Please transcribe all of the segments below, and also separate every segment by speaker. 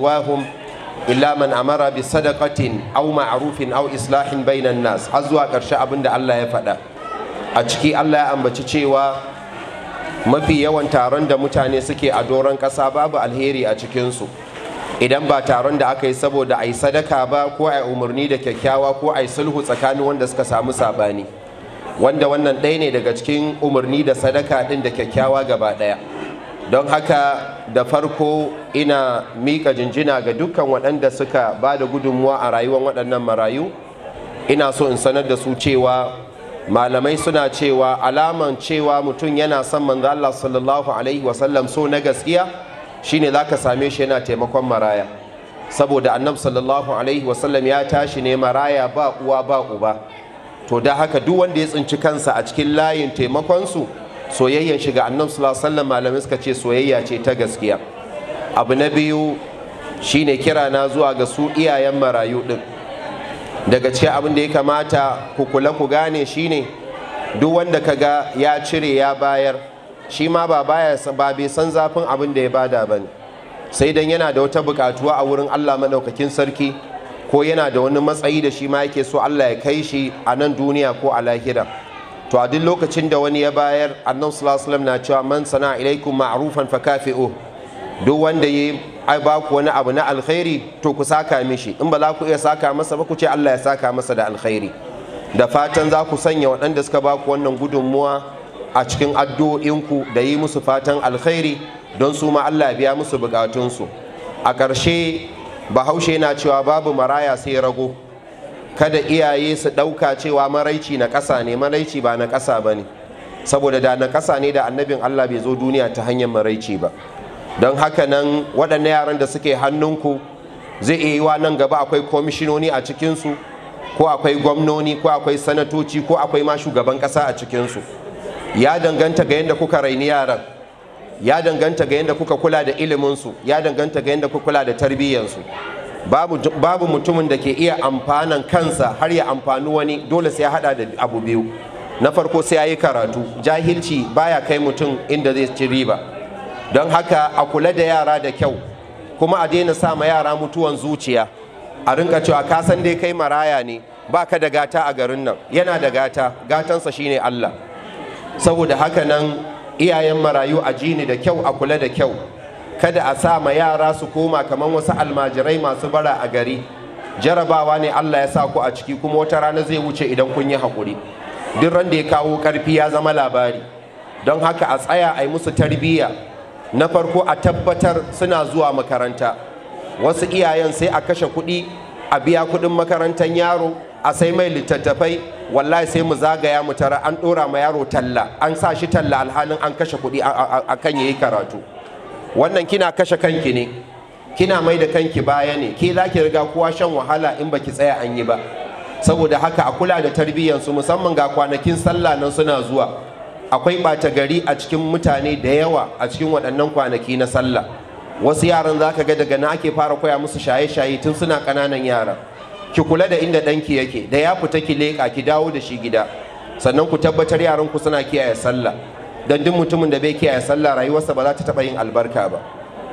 Speaker 1: wahum illa man amara bi sadaqatin aw ma'rufin aw islahin bainan nas har zuwa ƙarshe abin da Allah ya faɗa a ciki Allah ya ambaci cewa mafi yawan taron da mutane suke a doron ƙasa babu alheri a cikinsu idan ba taron da aka yi saboda a yi sadaka ba ko a yi umarni da kyakkyawa ko a yi sulhu tsakanin wanda suka samu sabani wanda wannan ɗaya ne daga cikin umarni da sadaka ɗin da kyakkyawa gaba ɗaya don haka da farko ina mika jinjina ga dukkan waɗanda suka ba da gudunmuwa a rayuwar waɗannan marayu ina so in sanar da su cewa malamai suna cewa alaman cewa mutum yana son manzo Allah sallallahu alaihi wasallam so na gaskiya shine ka same shi yana taimakon maraya saboda annab sallallahu alaihi wasallam ya tashi ne maraya ba uwa ba uba to da haka duk wanda ya tsinci kansa a cikin layin taimakonsu su soyayyan shiga annabi sallallahu alaihi wasallam malamin suka ce soyayya ce ta gaskiya abu na biyu shine kira na zuwa ga su iyayen marayu din daga cikin abin da ya kamata ku kula ku gane shine duk wanda ka ga ya cire ya bayar shi ma ba baya ba bai san zafin abin da ya bada ne. sai dan yana da wata bukatuwa a wurin Allah madaukakin sarki ko yana da wani matsayi da shi ma yake so Allah ya kai shi a nan duniya ko a lahira to a duk lokacin da wani ya bayar annabi sallallahu na cewa man sana ilaikum ma'rufan kafi'u duk wanda ya ai ba ku wani abu na alkhairi to ku saka mishi in ba za ku iya saka masa ba ku ce Allah ya saka masa da alkhairi da fatan za ku sanya waɗanda suka ba ku wannan gudunmuwa a cikin addu'o'inku da yi musu fatan alkhairi don su ma Allah ya biya musu bukatunsu a ƙarshe bahaushe na cewa babu maraya sai rago kada iyaye su ɗauka cewa maraici na ƙasa ne maraici ba na ƙasa ba ne saboda da na ƙasa ne da annabin Allah bai zo duniya ta hanyar maraici ba don haka nan waɗannan yaran da suke hannunku zai iya yiwa nan gaba akwai komishinoni a cikinsu ko akwai gwamnoni ko akwai sanatoci ko akwai ma shugaban ƙasa a cikinsu ya danganta ga yadda kuka raini yaran ya danganta ga yadda kuka kula da iliminsu ya danganta ga yadda kuka kula da tarbiyyarsu. babu mutumin da ke iya amfanan kansa har ya amfani wani dole sai ya hada da abu biyu na farko sai ya yi karatu jahilci baya kai mutum inda zai ci riba don haka a kula da yara da kyau kuma a daina sa ma yara mutuwan zuciya a rinka cewa ka san dai kai maraya ne Ba ka da gata a garin nan yana da gata gatansa shine Allah saboda haka nan iyayen marayu a jini da kyau a kula da kyau kada a sa ma yara su koma kamar wasu almajirai masu bara a gari jarabawa ne Allah ya sa ku a ciki kuma wata rana zai wuce idan kun yi hakuri. duk ran da ya kawo ƙarfi ya zama labari don haka a tsaya a yi musu tarbiyya na farko a tabbatar suna zuwa makaranta wasu iyayen sai a kashe kuɗi a biya kuɗin makarantar yaro a sai mai littattafai wallahi sai mu zagaya mu tara an ɗora ma yaro talla an sa shi talla alhalin an kashe kuɗi a kan yayi karatu wannan kina kashe kanki ne kina mai da kanki baya ne ke za ki riga kowa shan wahala in ba ki tsaya an yi ba saboda haka a kula da tarbiyyansu musamman ga kwanakin sallah nan suna zuwa akwai ɓata gari a cikin mutane da yawa a cikin waɗannan kwanaki na sallah wasu yaran za ka ga daga na ake fara koya musu shaye-shaye tun suna ƙananan yara ki kula da inda ɗanki yake da ya fita ki leƙa ki dawo da shi gida sannan ku tabbatar yaran ku suna kiyaye sallah don duk mutumin da bai kiyaye sallah rayuwarsa ba za ta taɓa yin albarka ba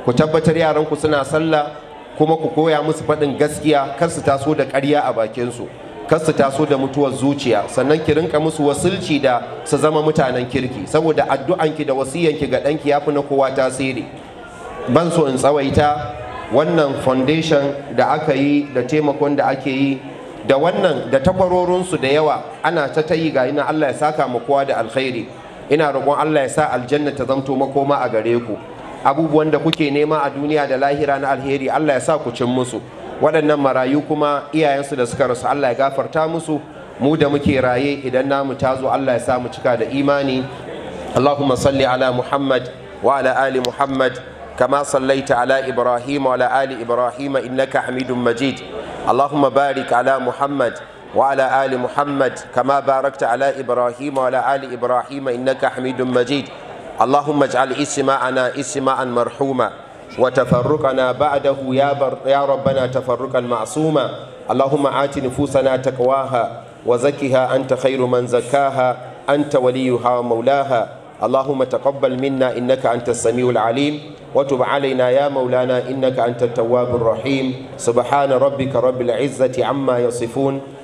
Speaker 1: ku tabbatar yaranku suna sallah kuma ku koya musu faɗin gaskiya kar su taso da ƙarya a bakinsu kar su taso da mutuwar zuciya sannan ki rinka musu wasilci da su zama mutanen kirki saboda addu'anki da wasiyanki ga ɗanki ya fi na kowa tasiri ban so in tsawaita wannan foundation da aka yi da taimakon da ake yi da wannan da takwarorinsu da yawa ana ta ta yi ga ina Allah ya saka mu kowa da alkhairi ina roƙon Allah ya sa aljanna ta zamto makoma a gare ku abubuwan da kuke nema a duniya da lahira na alheri Allah ya sa ku cin musu waɗannan marayu kuma iyayensu da suka rasu Allah ya gafarta musu mu da muke raye idan na mu tazo Allah ya sa mu cika da imani Allahumma salli ala Muhammad wa ala ali Muhammad kama sallaita ala Ibrahim wa ala ali Ibrahim innaka Hamidum Majid Allahumma barik ala Muhammad وعلى آل محمد كما باركت على إبراهيم وعلى آل إبراهيم إنك حميد مجيد اللهم اجعل اسماءنا اسماء مرحوما وتفرقنا بعده يا, بر يا ربنا تفرقا معصوما اللهم آت نفوسنا تقواها وزكها أنت خير من زكاها أنت وليها ومولاها اللهم تقبل منا إنك أنت السميع العليم وتب علينا يا مولانا إنك أنت التواب الرحيم سبحان ربك رب العزة عما يصفون